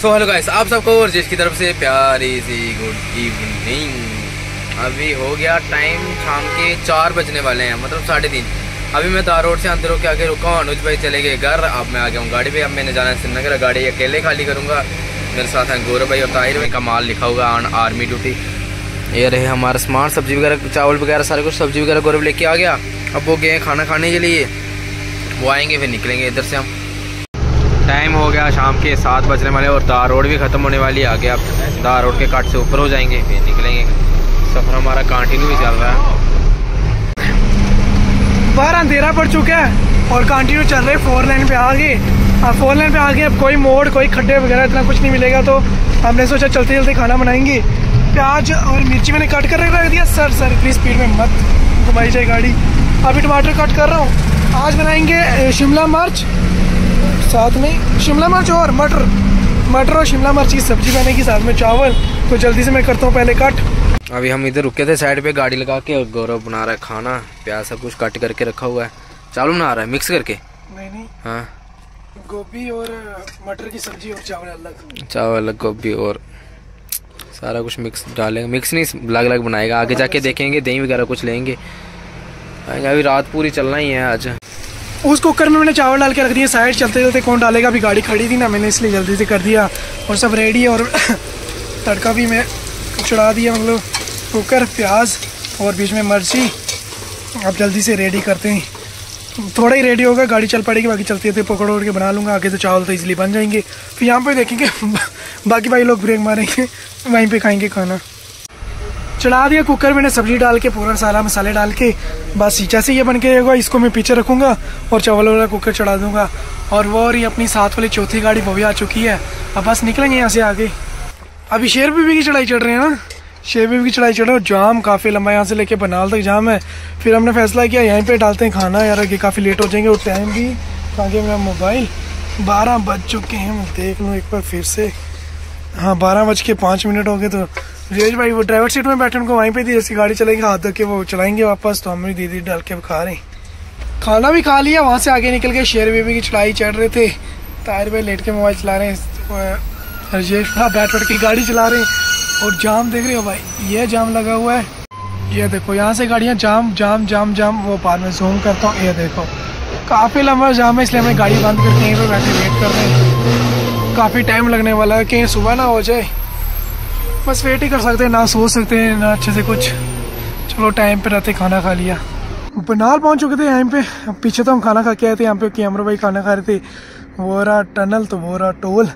सो hello guys आप सबको और जिसकी तरफ से प्यारी सी गुड इवनिंग अभी हो गया टाइम शाम के चार बजने वाले हैं मतलब साढ़े तीन अभी मैं तार रोड से अंदर होकर आगे रुका हूँ अनुज भाई चले गए घर अब मैं आ गया हूँ गाड़ी पे अब मैंने जाना है श्रीनगर गाड़ी अकेले खाली करूँगा मेरे साथ हैं गौरव भाई और ताहिर भाई का माल लिखा होगा ऑन आर्मी ड्यूटी ये रहे हमारा स्मार्ट सब्जी वगैरह चावल वगैरह सारे कुछ सब्जी वगैरह गौरव लेके आ गया अब वो गए खाना खाने के लिए वो आएंगे फिर निकलेंगे इधर से हम टाइम हो गया शाम के सात बजने वाले और दार रोड भी ख़त्म होने वाली है आगे आप दार रोड के काट से ऊपर हो जाएंगे फिर निकलेंगे सफ़र हमारा कंटिन्यू भी चल रहा है बाहर अंधेरा पड़ चुका है और कंटिन्यू चल रहे फोर लाइन पे आगे अब फोर लाइन पे आगे अब कोई मोड़ कोई खड्डे वगैरह इतना कुछ नहीं मिलेगा तो हमने सोचा चलते चलते खाना बनाएंगे प्याज और मिर्ची मैंने कट कर रख दिया सर सर इतनी स्पीड में मत घुमाई जाए गाड़ी अभी टमाटर कट कर रहा हूँ आज बनाएंगे शिमला मिर्च साथ में शिमला मिर्च और मटर मटर और शिमला मिर्च की सब्जी की साथ में चावल तो जल्दी से मैं करता हूँ पहले कट अभी हम इधर रुके थे साइड पे गाड़ी लगा के गौरव बना रहा है खाना प्याज सब कुछ कट करके रखा हुआ है चावल बना रहा है मिक्स करके नहीं नहीं हाँ गोभी और मटर की सब्जी और चावल अलग चावल अलग गोभी और सारा कुछ मिक्स डालेंगे मिक्स नहीं अलग अलग बनाएगा आगे जाके देखेंगे दही वगैरह कुछ लेंगे अभी रात पूरी चलना ही है आज उस कुकर में मैंने चावल डाल के रख दिया साइड चलते चलते कौन डालेगा अभी गाड़ी खड़ी थी ना मैंने इसलिए जल्दी से कर दिया और सब रेडी है और तड़का भी मैं चढ़ा दिया मतलब कुकर प्याज और बीच में मिर्ची अब जल्दी से रेडी करते हैं थोड़ा ही रेडी होगा गाड़ी चल पड़ेगी बाकी चलते थे पकड़ उड़ के बना लूँगा आगे तो चावल तो इजली बन जाएंगे फिर यहाँ पे देखेंगे बाकी भाई लोग ब्रेक मारेंगे वहीं पे खाएंगे खाना चढ़ा दिया कुकर मैंने सब्जी डाल के पूरा सारा मसाले डाल के बस सींचा से ये बन के रहेगा इसको मैं पीछे रखूँगा और चावल वाला कुकर चढ़ा दूँगा और वो और ये अपनी साथ वाली चौथी गाड़ी वो भी आ चुकी है अब बस निकलेंगे यहाँ से आगे अभी शेर बीबी की चढ़ाई चढ़ रहे हैं ना शेर बीबी की चढ़ाई चढ़ रहे हो जाम काफ़ी लंबा यहाँ से लेके बनाल तक जाम है फिर हमने फैसला किया यहीं पर डालते हैं खाना यार आगे काफ़ी लेट हो जाएंगे और टाइम भी आगे मेरा मोबाइल बारह बज चुके हैं देख लूँ एक बार फिर से हाँ बारह बज के पाँच मिनट हो गए तो रियज भाई वो ड्राइवर सीट में बैठे उनको वहीं पे दी जैसी गाड़ी चलेगी हाथ धो के वो चलाएंगे वापस तो हम भी दीदी डाल के खा रहे हैं खाना भी खा लिया वहाँ से आगे निकल के शेर बेबी की चढ़ाई चढ़ रहे थे टायर पर लेट के मोबाइल चला रहे हैं रजेश भाई बैठ बैठ के गाड़ी चला रहे हैं और जाम देख रहे हो भाई ये जाम लगा हुआ है ये देखो यहाँ से गाड़ियाँ जाम जाम जाम जाम वो पार में जूम करता हूँ ये देखो काफ़ी लंबा जाम है इसलिए हमें गाड़ी बंद करके यहीं पर बैठे वेट कर रहे हैं काफ़ी टाइम लगने वाला है कहीं सुबह ना हो जाए बस वेट ही कर सकते हैं ना सोच सकते हैं ना अच्छे से कुछ चलो टाइम पे रहते खाना खा लिया बनाल पहुंच चुके थे यहाँ पे पीछे तो हम खाना खा के आए थे यहाँ पे कैमरा भाई खाना खा रहे थे वो रहा टनल तो वो रहा टोल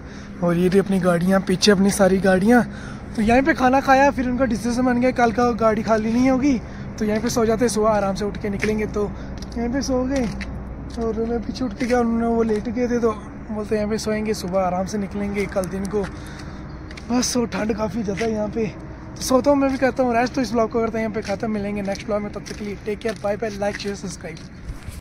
और ये थी अपनी गाड़ियाँ पीछे अपनी सारी गाड़ियाँ तो यहीं पे खाना खाया फिर उनका डिसीजन बन गया कल का गाड़ी खाली नहीं होगी तो यहीं पे सो जाते सुबह आराम से उठ के निकलेंगे तो यहीं पे सो गए और मैं पीछे उठ के गया उन्होंने वो लेट गए थे तो बोलते यहाँ पे सोएंगे सुबह आराम से निकलेंगे कल दिन को बस सो ठंड काफ़ी ज़्यादा है यहाँ पे तो सोता हूँ मैं भी कहता हूँ रेस्ट तो इस ब्लॉग को करते हैं यहाँ पे खाता मिलेंगे नेक्स्ट ब्लॉग में तब तक के लिए take care bye bye like share subscribe